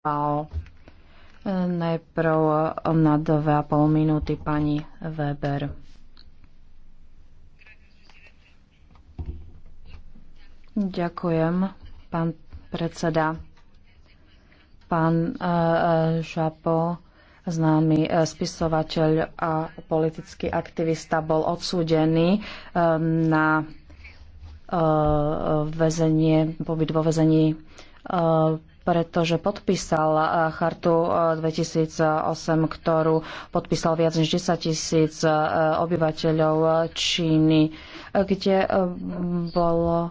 mal najprv na dve a pol minúty pani Weber. Ďakujem, pán predseda. Pán eh, eh, Šapo, známy eh, spisovateľ a politický aktivista, bol odsúdený na väzenie, pobyt vo väzení pretože podpísal eh, chartu 2008, eh, ktorú podpísal viac než 10 tisíc eh, obyvateľov Číny, kde bolo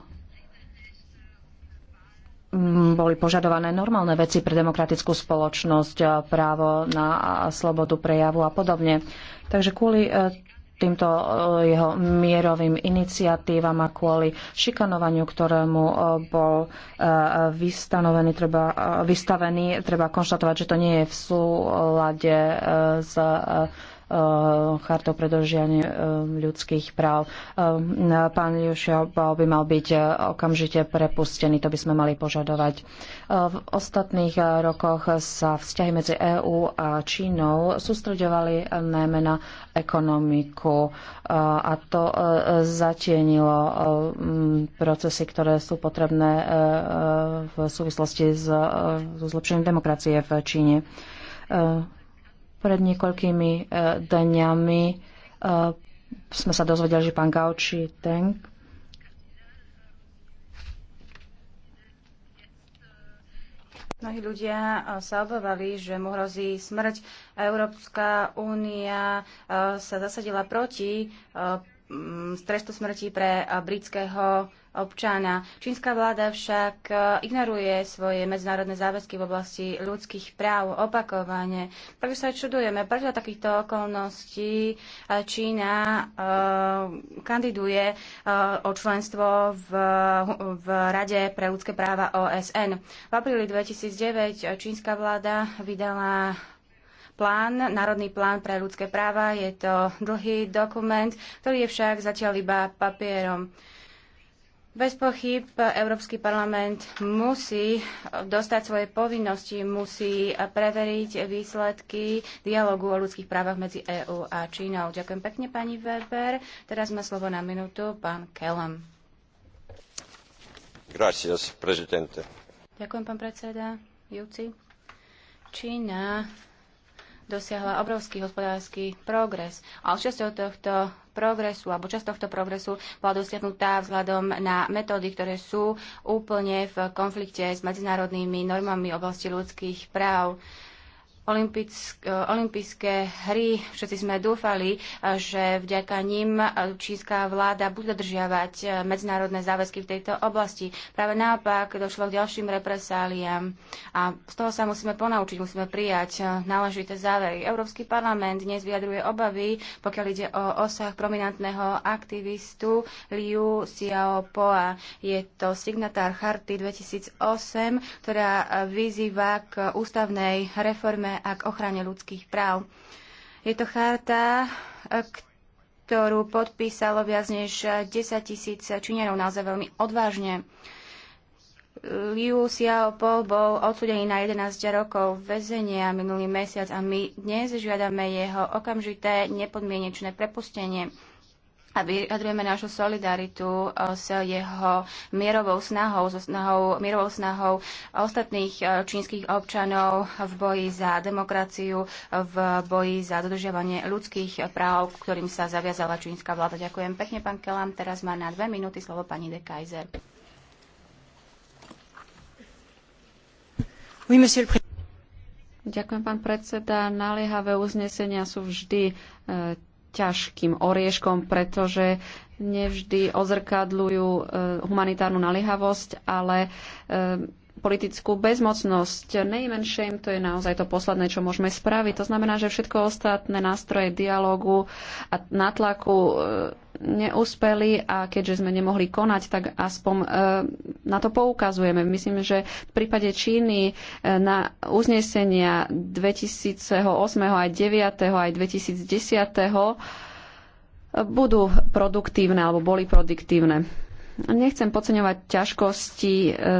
mm, boli požadované normálne veci pre demokratickú spoločnosť, právo na slobodu prejavu a podobne. Takže kvôli týmto e, jeho mierovým iniciatívam a kvôli šikanovaniu, ktorému e, bol e, vystanovený, treba, vystavený, treba konštatovať, že to nie je v súlade s Eh, chartou pre eh, ľudských práv. Eh, pán Jušia by mal byť okamžite prepustený, to by sme mali požadovať. V ostatných rokoch sa vzťahy medzi EÚ a Čínou sústredovali najmä na ekonomiku a to zatienilo procesy, ktoré sú potrebné v súvislosti s zlepšením demokracie v Číne pred niekoľkými e, dňami e, sme sa dozvedeli, že pán Gauči Teng Mnohí ľudia e, sa obávali, že mu hrozí smrť. Európska únia sa zasadila proti trestu smrti pre britského občana. Čínska vláda však e, ignoruje svoje medzinárodné záväzky v oblasti ľudských práv opakovane. Prečo sa čudujeme, prečo takýchto okolností e, Čína e, kandiduje o členstvo v, v Rade pre ľudské práva OSN. V apríli 2009 čínska vláda vydala plán, Národný plán pre ľudské práva. Je to dlhý dokument, ktorý je však zatiaľ iba papierom. Bez pochyb Európsky parlament musí dostať svoje povinnosti, musí preveriť výsledky dialogu o ľudských právach medzi EÚ a Čínou. Ďakujem pekne, pani Weber. Teraz má slovo na minútu pán Kellam. Gracias, prezidente. Ďakujem, pán predseda. Júci. Čína dosiahla obrovský hospodársky progres. a časťou tohto progresu, alebo časť tohto progresu bola dosiahnutá vzhľadom na metódy, ktoré sú úplne v konflikte s medzinárodnými normami oblasti ľudských práv. Eh, olympijské hry. Všetci sme dúfali, eh, že vďaka ním eh, čínska vláda bude dodržiavať medzinárodné záväzky v tejto oblasti. Práve naopak došlo k ďalším represáliám a z toho sa musíme ponaučiť, musíme prijať náležité závery. Európsky parlament dnes vyjadruje obavy, pokiaľ ide o osah prominentného aktivistu Liu Xiaopoa. Je to signatár Charty 2008, ktorá vyzýva k ústavnej reforme najmä a k ochrane ľudských práv. Je to charta, ktorú podpísalo viac než 10 tisíc činierov, naozaj veľmi odvážne. Liu Xiaopo bol odsudený na 11 rokov väzenia minulý mesiac a my dnes žiadame jeho okamžité nepodmienečné prepustenie a vyjadrujeme našu solidaritu e, s jeho mierovou snahou, so snahou, mierovou snahou ostatných e, čínskych občanov v boji za demokraciu, v boji za dodržiavanie ľudských práv, ktorým sa zaviazala čínska vláda. Ďakujem pekne, pán Kelam. Teraz má na dve minúty slovo pani de Kaiser. Oui, monsieur le Ďakujem, pán predseda. Naliehavé uznesenia sú vždy e, ťažkým orieškom, pretože nevždy ozrkadľujú e, humanitárnu naliehavosť, ale e, politickú bezmocnosť. Name and shame to je naozaj to posledné, čo môžeme spraviť. To znamená, že všetko ostatné nástroje dialogu a natlaku e, neúspeli a keďže sme nemohli konať, tak aspoň e, na to poukazujeme. Myslím, že v prípade Číny e, na uznesenia 2008 aj 9. aj 2010 e, budú produktívne alebo boli produktívne. Nechcem podceňovať ťažkosti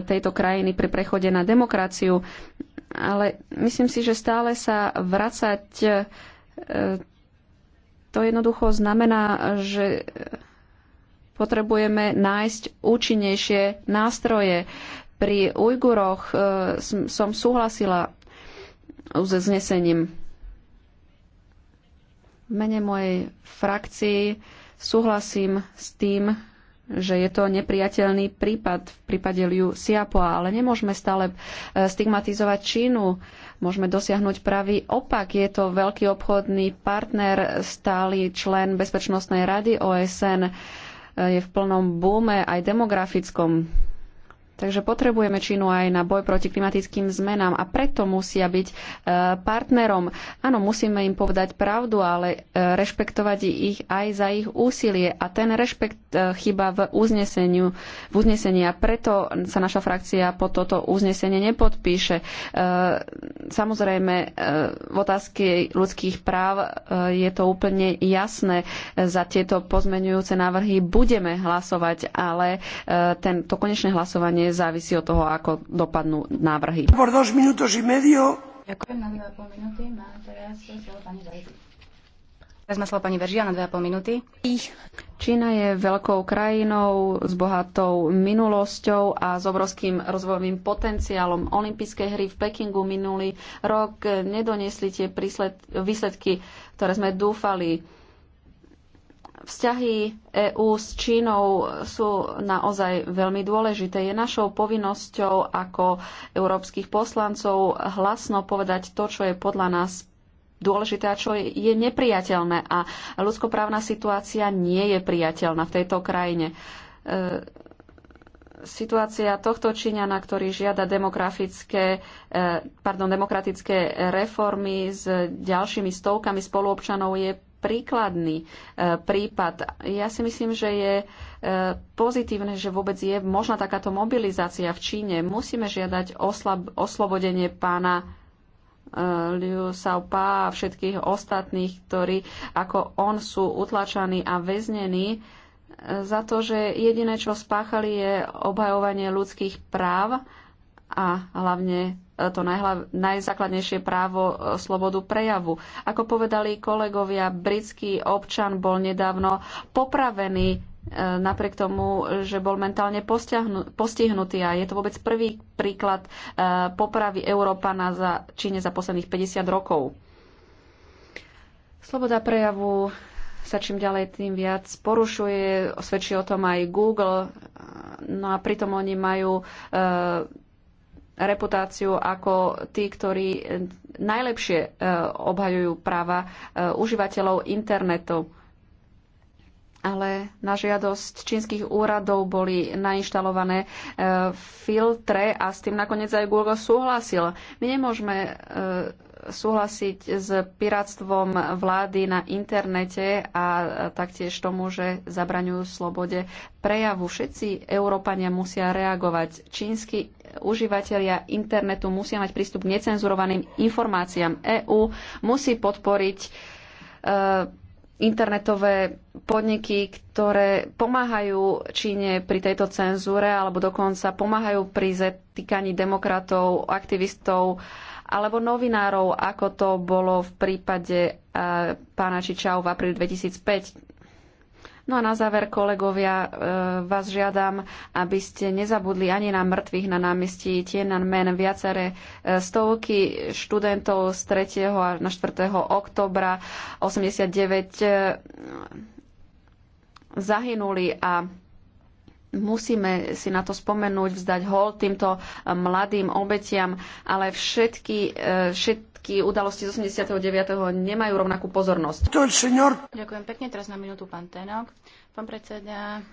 tejto krajiny pri prechode na demokraciu, ale myslím si, že stále sa vracať to jednoducho znamená, že potrebujeme nájsť účinnejšie nástroje. Pri Ujguroch e, som súhlasila s znesením. V mene mojej frakcii súhlasím s tým, že je to nepriateľný prípad v prípade Liu Siapoa, ale nemôžeme stále e, stigmatizovať Čínu. Môžeme dosiahnuť pravý opak. Je to veľký obchodný partner, stály člen Bezpečnostnej rady OSN. E, je v plnom búme aj demografickom. Takže potrebujeme Čínu aj na boj proti klimatickým zmenám a preto musia byť e, partnerom. Áno, musíme im povedať pravdu, ale e, rešpektovať ich aj za ich úsilie. A ten rešpekt e, chyba v uzneseniu, v uznesení a preto sa naša frakcia po toto uznesenie nepodpíše. Samozrejme, v otázke ľudských práv je to úplne jasné. Za tieto pozmenujúce návrhy budeme hlasovať, ale ten, to konečné hlasovanie závisí od toho, ako dopadnú návrhy. teraz pani má slovo pani Veržia na 2,5 minúty. Čína je veľkou krajinou s bohatou minulosťou a s obrovským rozvojovým potenciálom. Olympijské hry v Pekingu minulý rok nedoniesli tie výsledky, ktoré sme dúfali Vzťahy EÚ s Čínou sú naozaj veľmi dôležité. Je našou povinnosťou ako európskych poslancov hlasno povedať to, čo je podľa nás dôležité a čo je nepriateľné. A ľudskoprávna situácia nie je priateľná v tejto krajine. E, situácia tohto Číňana, ktorý žiada demografické, e, pardon, demokratické reformy s ďalšími stovkami spoluobčanov je príkladný e, prípad. Ja si myslím, že je e, pozitívne, že vôbec je možná takáto mobilizácia v Číne. Musíme žiadať oslab- oslobodenie pána e, Liu Xiaopa a všetkých ostatných, ktorí ako on sú utlačaní a väznení za to, že jediné, čo spáchali, je obhajovanie ľudských práv a hlavne e, to najhlav- najzákladnejšie právo e, slobodu prejavu. Ako povedali kolegovia, britský občan bol nedávno popravený e, napriek tomu, že bol mentálne postihnutý a je to vôbec prvý príklad popravy Európana za Číne za posledných 50 rokov. Sloboda prejavu sa čím ďalej tým viac porušuje, svedčí o tom aj Google, no a pritom oni majú reputáciu ako tí, ktorí najlepšie e, obhajujú práva e, užívateľov internetu. Ale na žiadosť čínskych úradov boli nainštalované e, filtre a s tým nakoniec aj Google súhlasil. My nemôžeme súhlasiť s piráctvom vlády na internete a taktiež tomu, že zabraňujú slobode prejavu. Všetci Európania musia reagovať. Čínsky užívateľia internetu musia mať prístup k necenzurovaným informáciám. EÚ musí podporiť e, internetové podniky, ktoré pomáhajú Číne pri tejto cenzúre alebo dokonca pomáhajú pri zatýkaní demokratov, aktivistov alebo novinárov, ako to bolo v prípade eh, pána Čičau v apríli 2005. No a na záver, kolegovia, eh, vás žiadam, aby ste nezabudli ani na mŕtvych na námestí Tiananmen. Viaceré eh, stovky študentov z 3. a na 4. oktobra 89 zahynuli a musíme si na to spomenúť, vzdať hol týmto eh, mladým obetiam, ale všetky, eh, všetky udalosti z 89. nemajú rovnakú pozornosť. Ďakujem pekne, teraz na minútu pán Tenok. Pán predseda,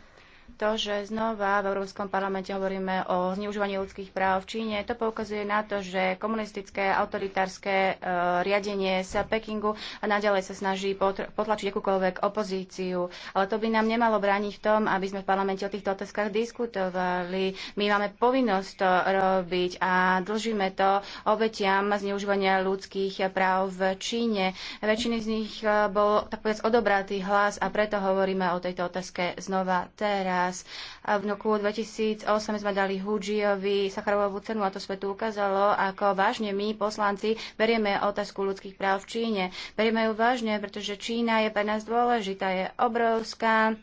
to, že znova v Európskom parlamente hovoríme o zneužívaní ľudských práv v Číne, to poukazuje na to, že komunistické autoritárske e, riadenie sa Pekingu a naďalej sa snaží potlačiť akúkoľvek opozíciu. Ale to by nám nemalo brániť v tom, aby sme v parlamente o týchto otázkach diskutovali. My máme povinnosť to robiť a dlžíme to obetiam zneužívania ľudských práv v Číne. Väčšiny z nich e, bol, tak povedz, odobratý hlas a preto hovoríme o tejto otázke znova teraz nás. A v roku 2008 sme dali Hujiovi Sacharovú cenu a to svetu ukázalo, ako vážne my, poslanci, berieme otázku ľudských práv v Číne. Berieme ju vážne, pretože Čína je pre nás dôležitá, je obrovská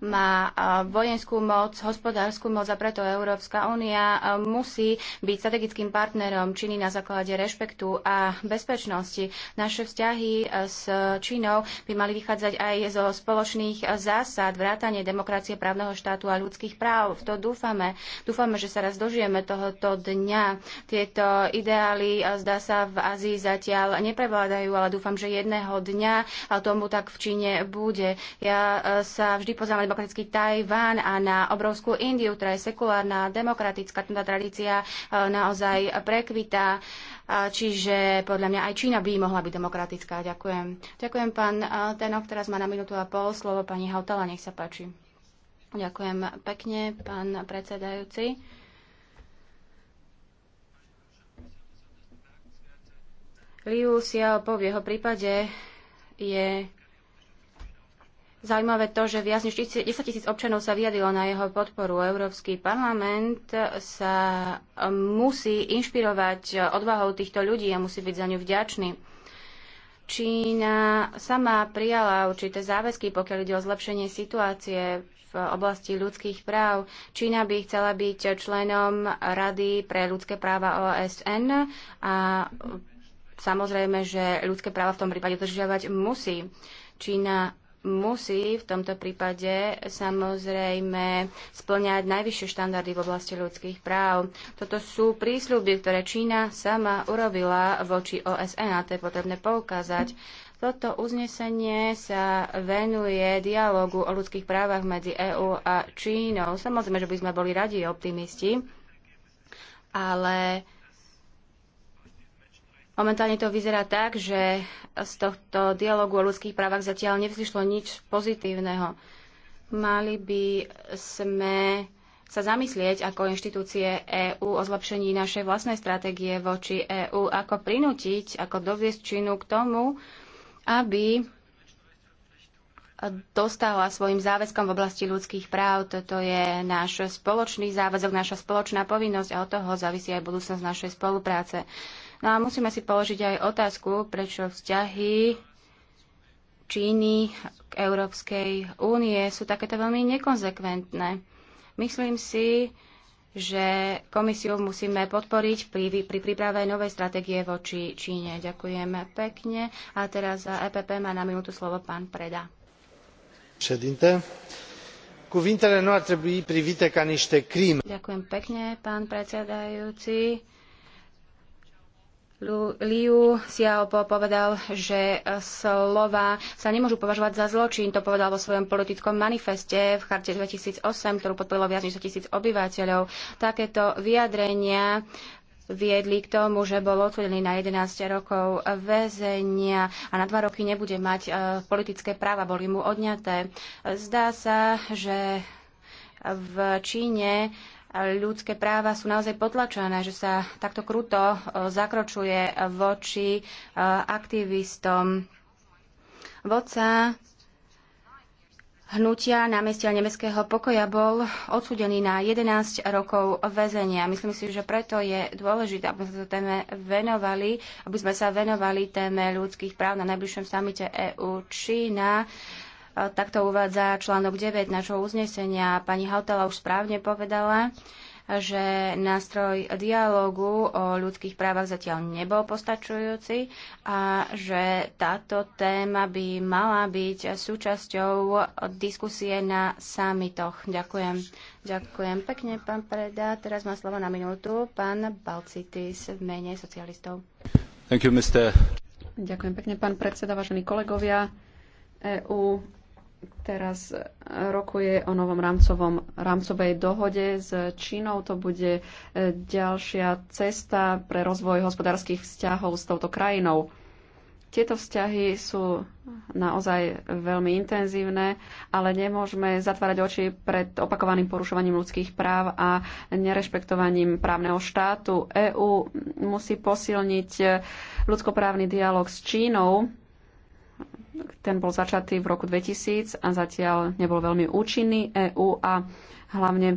má vojenskú moc, hospodárskú moc a preto Európska únia musí byť strategickým partnerom Číny na základe rešpektu a bezpečnosti. Naše vzťahy e, s Čínou by mali vychádzať aj zo spoločných zásad vrátanie demokracie, právneho štátu a ľudských práv. V to dúfame. Dúfame, že sa raz dožijeme tohoto dňa. Tieto ideály e, zdá sa v Ázii zatiaľ neprevládajú, ale dúfam, že jedného dňa tomu tak v Číne bude. Ja e, sa vždy pozerám demokratický Tajván a na obrovskú Indiu, ktorá je sekulárna, demokratická, tá tradícia e, naozaj prekvitá. E, čiže podľa mňa aj Čína by mohla byť demokratická. Ďakujem. Ďakujem, pán e, Tenok. Teraz má na minútu a pol slovo pani Hautala. Nech sa páči. Ďakujem pekne, pán predsedajúci. Liu Xiaopo v jeho prípade je Zaujímavé to, že viac než 10 tisíc občanov sa vyjadilo na jeho podporu. Európsky parlament sa e, musí inšpirovať e, odvahou týchto ľudí a musí byť za ňu vďačný. Čína sama prijala určité záväzky, pokiaľ ide o zlepšenie situácie v oblasti ľudských práv. Čína by chcela byť členom Rady pre ľudské práva OSN a samozrejme, že ľudské práva v tom prípade držiavať musí. Čína musí v tomto prípade samozrejme splňať najvyššie štandardy v oblasti ľudských práv. Toto sú prísľuby, ktoré Čína sama urobila voči OSN a to je potrebné poukázať. Toto uznesenie sa venuje dialogu o ľudských právach medzi EÚ a Čínou. Samozrejme, že by sme boli radi optimisti, ale Momentálne to vyzerá tak, že z tohto dialogu o ľudských právach zatiaľ nevzýšlo nič pozitívneho. Mali by sme sa zamyslieť ako inštitúcie EÚ o zlepšení našej vlastnej stratégie voči EÚ, ako prinútiť, ako doviesť Čínu k tomu, aby dostala svojim záväzkom v oblasti ľudských práv. Toto je náš spoločný záväzok, naša spoločná povinnosť a od toho závisí aj budúcnosť našej spolupráce. No a musíme si položiť aj otázku, prečo vzťahy Číny k Európskej únie sú takéto veľmi nekonzekventné. Myslím si, že komisiu musíme podporiť pri, pri príprave novej stratégie voči Číne. Ďakujeme pekne. A teraz za EPP má na minútu slovo pán Preda. Předinte. Cuvintele nu ar trebui privite ca niște crime. Ďakujem pekne, pán predsedajúci. Liu Xiaobo povedal, že slova sa nemôžu považovať za zločin. To povedal vo svojom politickom manifeste v charte 2008, ktorú podporilo viac než 100 tisíc obyvateľov. Takéto vyjadrenia viedli k tomu, že bol odsudený na 11 rokov väzenia a na dva roky nebude mať e, politické práva, boli mu odňaté. Zdá sa, že v Číne ľudské práva sú naozaj potlačené, že sa takto kruto e, zakročuje voči e, aktivistom. Vodca hnutia na mieste nemeckého pokoja bol odsudený na 11 rokov väzenia. Myslím si, že preto je dôležité, aby sme sa téme venovali, aby sme sa venovali téme ľudských práv na najbližšom samite EU Čína. Uh, Takto uvádza článok 9 našho uznesenia. Pani Hautala už správne povedala, že nástroj dialógu o ľudských právach zatiaľ nebol postačujúci a že táto téma by mala byť súčasťou diskusie na samitoch. Ďakujem. Ďakujem pekne, pán Preda. Teraz má slovo na minútu pán Balcitis v mene socialistov. Thank you, Mr. Ďakujem pekne, pán predseda, vážení kolegovia. EU teraz e, rokuje o novom rámcovom, rámcovej dohode s Čínou. To bude e, ďalšia cesta pre rozvoj hospodárskych vzťahov s touto krajinou. Tieto vzťahy sú naozaj veľmi intenzívne, ale nemôžeme zatvárať oči pred opakovaným porušovaním ľudských práv a nerešpektovaním právneho štátu. EÚ musí posilniť e, ľudskoprávny dialog s Čínou ten bol začatý v roku 2000 a zatiaľ nebol veľmi účinný. EÚ a hlavne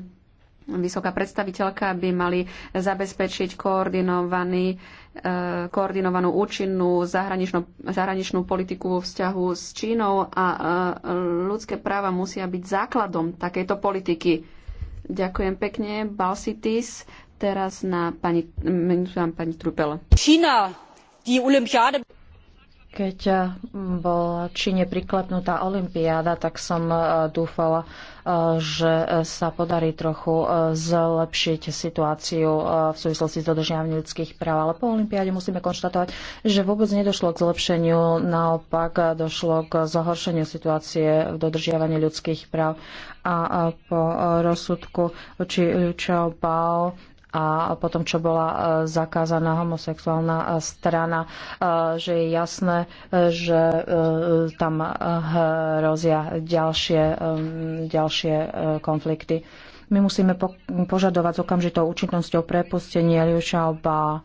vysoká predstaviteľka by mali zabezpečiť koordinovaný, e, koordinovanú účinnú zahraničnú, zahraničnú politiku vo vzťahu s Čínou a e, ľudské práva musia byť základom takejto politiky. Ďakujem pekne. Balsitis. Teraz na pani, pani Trupel. Čína, die Olympiáde... Keď eh, bola Číne priklepnutá olimpiáda, tak som eh, dúfala, eh, že sa podarí trochu zlepšiť situáciu v súvislosti s dodržiavaním ľudských práv. Ale po olimpiáde musíme konštatovať, že vôbec nedošlo k zlepšeniu, naopak došlo k zhoršeniu situácie v dodržiavaní ľudských práv. A po rozsudku či Čau Bao a potom, čo bola e, zakázaná homosexuálna e, strana, e, že je jasné, že tam hrozia ďalšie, ďalšie konflikty. My musíme požadovať s okamžitou účinnosťou prepustenie Liu Xiaoba,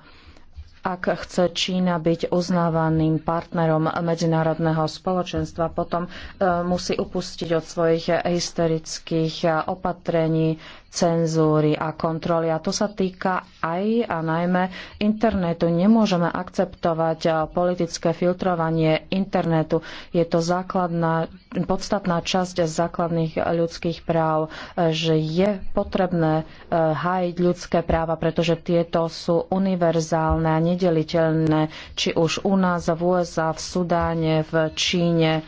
ak chce Čína byť uznávaným partnerom medzinárodného spoločenstva, potom musí upustiť od svojich hysterických opatrení, cenzúry a kontroly. A to sa týka aj a najmä internetu. Nemôžeme akceptovať politické filtrovanie internetu. Je to základná, podstatná časť základných ľudských práv, e, že je potrebné e, hájiť ľudské práva, pretože tieto sú univerzálne a nedeliteľné, či už u nás, v USA, v Sudáne, v Číne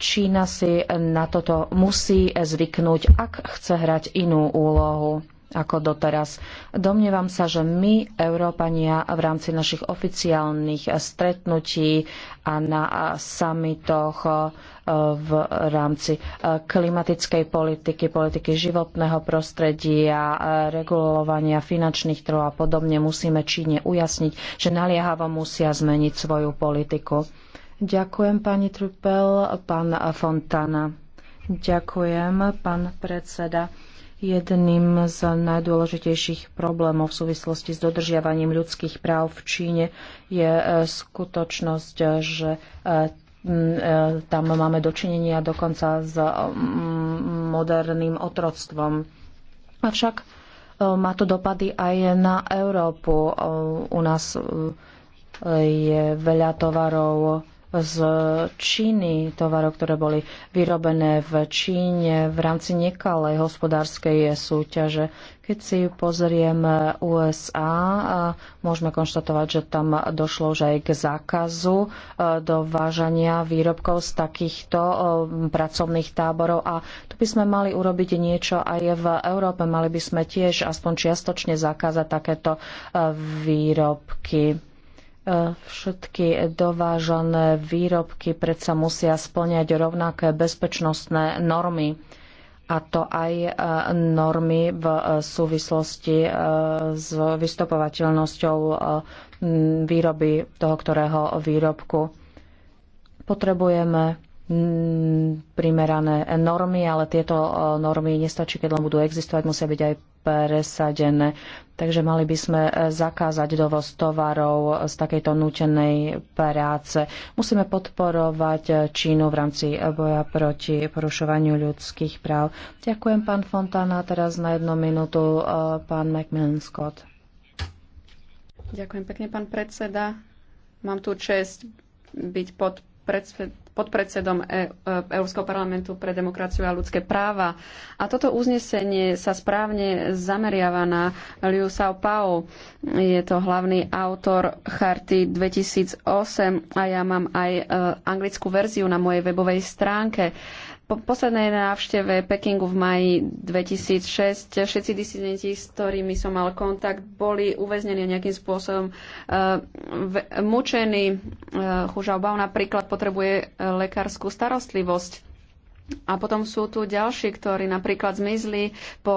Čína si na toto musí zvyknúť, ak chce hrať inú úlohu ako doteraz. Domnievam sa, že my, Európania, v rámci našich oficiálnych stretnutí a na samitoch eh, v rámci eh, klimatickej politiky, politiky životného prostredia, eh, regulovania finančných trhov a podobne musíme Číne ujasniť, že naliehavo musia zmeniť svoju politiku. Ďakujem pani Trupel, pán Fontana. Ďakujem, pán predseda. Jedným z najdôležitejších problémov v súvislosti s dodržiavaním ľudských práv v Číne je e, skutočnosť, že e, e, tam máme dočinenia dokonca s moderným otroctvom. Avšak má to dopady aj na Európu. U nás je veľa tovarov z Číny, tovarov, ktoré boli vyrobené v Číne v rámci nekalej hospodárskej súťaže. Keď si pozrieme USA, môžeme konštatovať, že tam došlo už aj k zákazu e, dovážania výrobkov z takýchto e, pracovných táborov a tu by sme mali urobiť niečo aj v Európe. Mali by sme tiež aspoň čiastočne zakázať takéto e, výrobky. E, všetky dovážané výrobky predsa musia splňať rovnaké bezpečnostné normy a to aj e, normy v e, súvislosti s vystopovateľnosťou výroby toho ktorého výrobku. Potrebujeme primerané normy, ale tieto normy nestačí, keď len budú existovať, musia byť aj presadené. Takže mali by sme e, zakázať dovoz tovarov z takejto nútenej práce. Musíme podporovať e, Čínu v rámci e, boja proti porušovaniu ľudských práv. Ďakujem, pán Fontana. Teraz na jednu minútu pán Macmillan Scott. Ďakujem pekne, pán predseda. Mám tu čest byť pod podpredsedom e, e, Európskeho parlamentu pre demokraciu a ľudské práva. A toto uznesenie sa správne zameriava na Liu Sao Pao. Je to hlavný autor Charty 2008 a ja mám aj e, anglickú verziu na mojej webovej stránke po poslednej návšteve Pekingu v maji 2006 všetci disidenti, s ktorými som mal kontakt, boli uväznení nejakým spôsobom uh, v, mučení. Uh, e, Chužaobao napríklad potrebuje e, lekárskú starostlivosť. A potom sú tu ďalší, ktorí napríklad zmizli po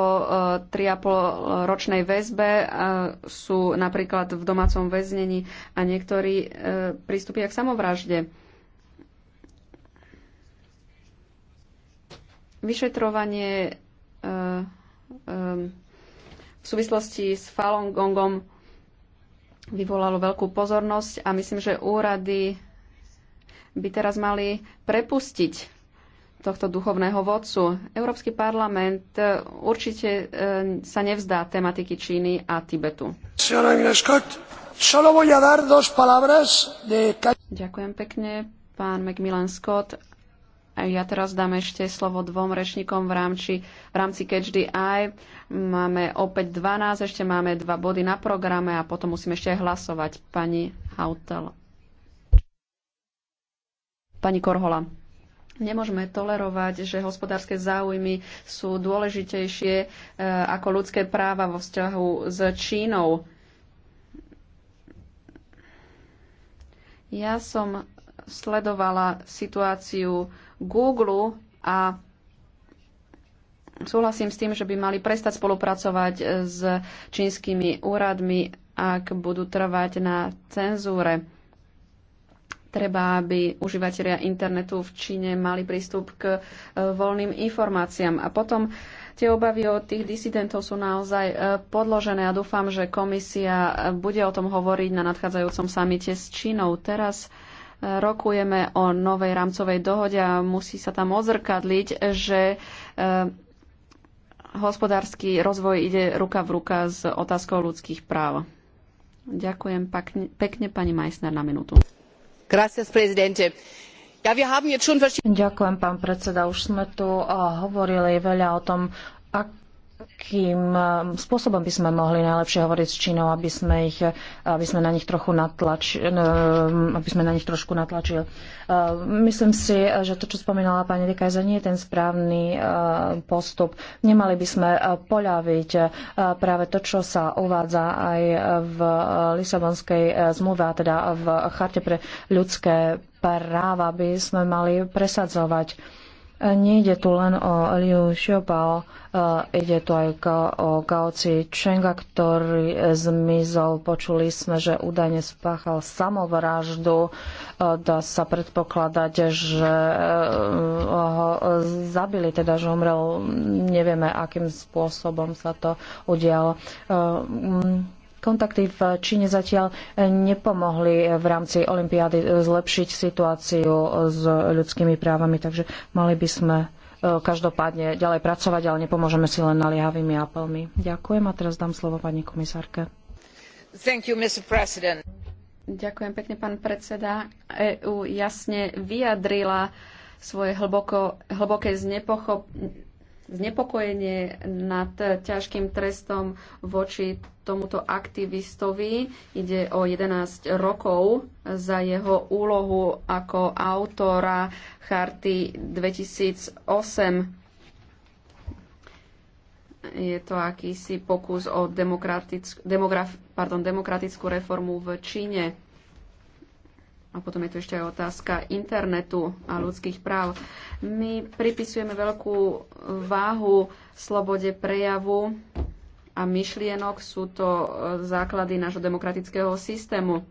uh, 3,5 ročnej väzbe, uh, sú napríklad v domácom väznení a niektorí uh, pristúpia k samovražde Vyšetrovanie e, e, v súvislosti s Falun Gongom vyvolalo veľkú pozornosť a myslím, že úrady by teraz mali prepustiť tohto duchovného vodcu. Európsky parlament e, určite sa nevzdá tematiky Číny a Tibetu. Ďakujem pekne, pán Macmillan Scott. Ja teraz dám ešte slovo dvom rečníkom v rámci, v rámci Catch the Eye. Máme opäť 12, ešte máme dva body na programe a potom musíme ešte aj hlasovať. Pani Hautel. Pani Korhola. Nemôžeme tolerovať, že hospodárske záujmy sú dôležitejšie e, ako ľudské práva vo vzťahu s Čínou. Ja som sledovala situáciu Google a súhlasím s tým, že by mali prestať spolupracovať s čínskymi úradmi, ak budú trvať na cenzúre. Treba, aby užívateľia internetu v Číne mali prístup k e, voľným informáciám. A potom tie obavy od tých disidentov sú naozaj e, podložené a dúfam, že komisia e, bude o tom hovoriť na nadchádzajúcom samite s Čínou. Teraz rokujeme o novej rámcovej dohode a musí sa tam odzrkadliť, že eh, hospodársky rozvoj ide ruka v ruka s otázkou ľudských práv. Ďakujem pekne, pekne pani Majsner na minútu. Gracias, prezidente. Ja, Ďakujem, pán predseda. Už sme tu eh, hovorili veľa o tom, ak akým um, spôsobom by sme mohli najlepšie hovoriť s Čínou, aby sme, ich, aby sme na nich trochu natlač, um, aby sme na nich trošku natlačili. Um, myslím si, že to, čo spomínala pani Dekajza, nie je ten správny postup. Nemali by sme uh, poľaviť uh, práve to, čo sa uvádza aj v uh, Lisabonskej zmluve, a teda v charte pre ľudské práva by sme mali presadzovať Nejde tu len o Liu Xiaobao, e, ide tu aj o Gaoci Chenga, ktorý zmizol. Počuli sme, že údajne spáchal samovraždu. E, dá sa predpokladať, že e, ho zabili, teda že umrel. Nevieme, akým spôsobom sa to udialo. Kontakty v Číne zatiaľ eh, nepomohli eh, v rámci Olympiády eh, zlepšiť situáciu s ľudskými právami, takže mali by sme každopádne ďalej pracovať, ale nepomôžeme si len naliehavými apelmi. Ďakujem a teraz dám slovo pani komisárke. You, Ďakujem pekne, pán predseda. EÚ jasne vyjadrila svoje hlboko, hlboké znepochopenie znepokojenie nad ťažkým trestom voči tomuto aktivistovi. Ide o 11 rokov za jeho úlohu ako autora Charty 2008. Je to akýsi pokus o demokratickú, pardon, demokratickú reformu v Číne a potom je tu ešte aj otázka internetu a ľudských práv. My pripisujeme veľkú váhu slobode prejavu a myšlienok. Sú to e, základy nášho demokratického systému.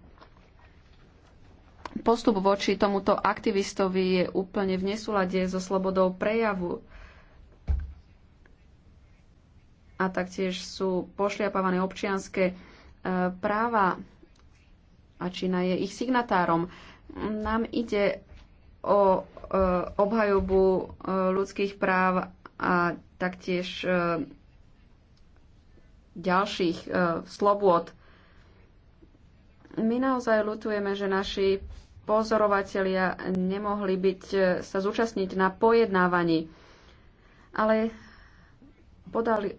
Postup voči tomuto aktivistovi je úplne v nesúlade so slobodou prejavu. A taktiež sú pošliapávané občianské e, práva a Čína je ich signatárom. Nám ide o e, obhajobu e, ľudských práv a taktiež e, ďalších slobôd. My naozaj lutujeme, že naši pozorovatelia nemohli byť, sa zúčastniť na pojednávaní. Ale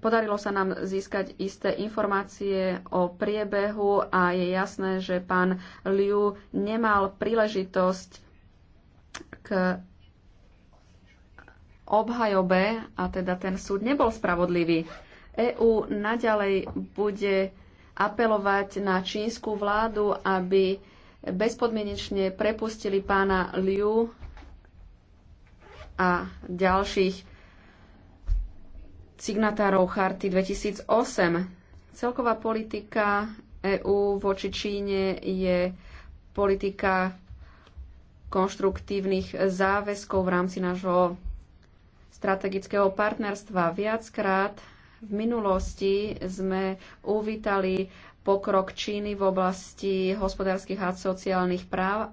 podarilo sa nám získať isté informácie o priebehu a je jasné, že pán Liu nemal príležitosť k obhajobe a teda ten súd nebol spravodlivý. EÚ naďalej bude apelovať na čínsku vládu, aby bezpodmienečne prepustili pána Liu a ďalších signatárov Charty 2008. Celková politika EÚ voči Číne je politika konštruktívnych záväzkov v rámci nášho strategického partnerstva. Viackrát v minulosti sme uvítali pokrok Číny v oblasti hospodárskych a sociálnych práv,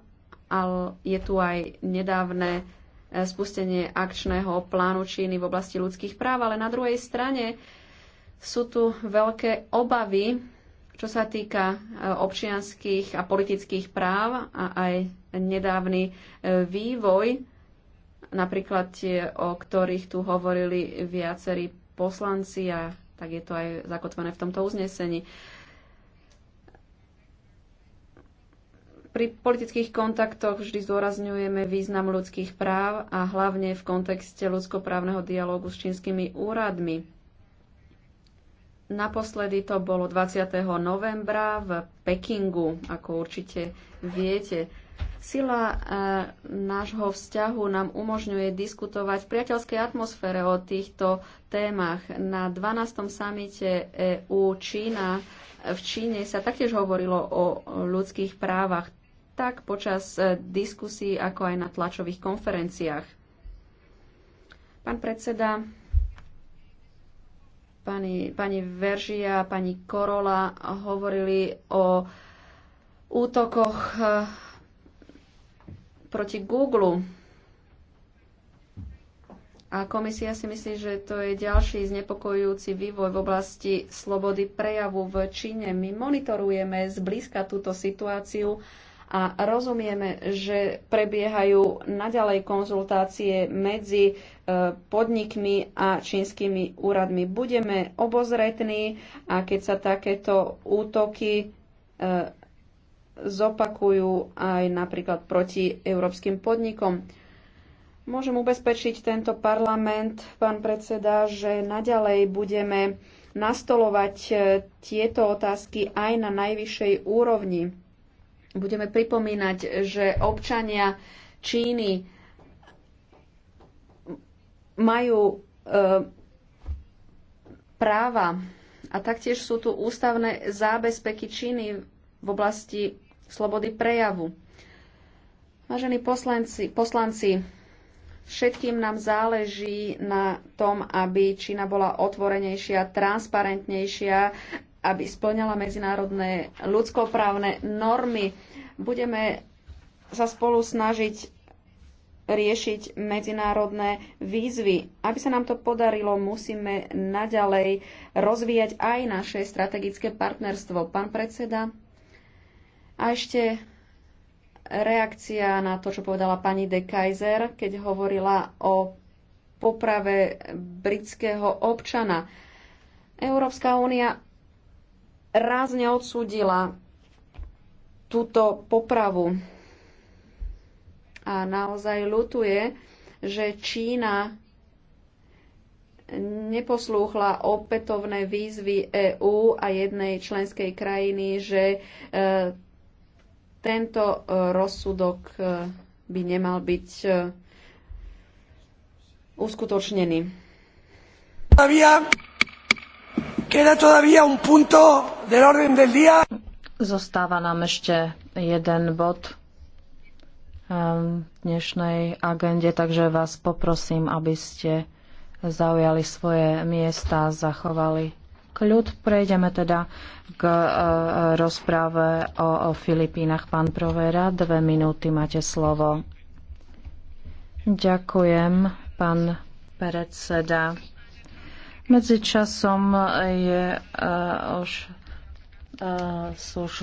ale je tu aj nedávne spustenie akčného plánu Číny v oblasti ľudských práv, ale na druhej strane sú tu veľké obavy, čo sa týka e, občianských a politických práv a aj nedávny e, vývoj, napríklad tie, o ktorých tu hovorili viacerí poslanci a tak je to aj zakotvené v tomto uznesení. Uh, Pri politických kontaktoch vždy zdôrazňujeme význam ľudských práv a hlavne v kontexte ľudskoprávneho dialógu s čínskymi úradmi. Naposledy to bolo 20. novembra v Pekingu, ako určite viete. Sila e, nášho vzťahu nám umožňuje diskutovať v priateľskej atmosfére o týchto témach. Na 12. samite EU Čína v Číne sa taktiež hovorilo o ľudských právach tak počas e, diskusí, ako aj na tlačových konferenciách. Pán predseda, pani, pani Veržia, pani Korola hovorili o útokoch e, proti Google. A komisia si myslí, že to je ďalší znepokojujúci vývoj v oblasti slobody prejavu v Číne. My monitorujeme zblízka túto situáciu a rozumieme, že prebiehajú naďalej konzultácie medzi e, podnikmi a čínskymi úradmi. Budeme obozretní a keď sa takéto útoky e, zopakujú aj napríklad proti európskym podnikom. Môžem ubezpečiť tento parlament, pán predseda, že naďalej budeme nastolovať e, tieto otázky aj na najvyššej úrovni budeme pripomínať, že občania Číny majú e, práva a taktiež sú tu ústavné zábezpeky Číny v oblasti slobody prejavu. Vážení poslanci, poslanci, všetkým nám záleží na tom, aby Čína bola otvorenejšia, transparentnejšia aby splňala medzinárodné ľudskoprávne normy. Budeme sa spolu snažiť riešiť medzinárodné výzvy. Aby sa nám to podarilo, musíme naďalej rozvíjať aj naše strategické partnerstvo. Pán predseda, a ešte reakcia na to, čo povedala pani de Kaiser, keď hovorila o poprave britského občana. Európska únia rázne odsúdila túto popravu a naozaj ľutuje, že Čína neposlúchla opätovné výzvy EÚ a jednej členskej krajiny, že e, tento e, rozsudok e, by nemal byť uskutočnený. Zostáva nám ešte jeden bod v ehm, dnešnej agende, takže vás poprosím, aby ste zaujali svoje miesta, zachovali kľud. Prejdeme teda k e, rozprave o, o Filipínach. Pán Provera, dve minúty máte slovo. Ďakujem, pán predseda. Medzičasom je eh, už eh, sú už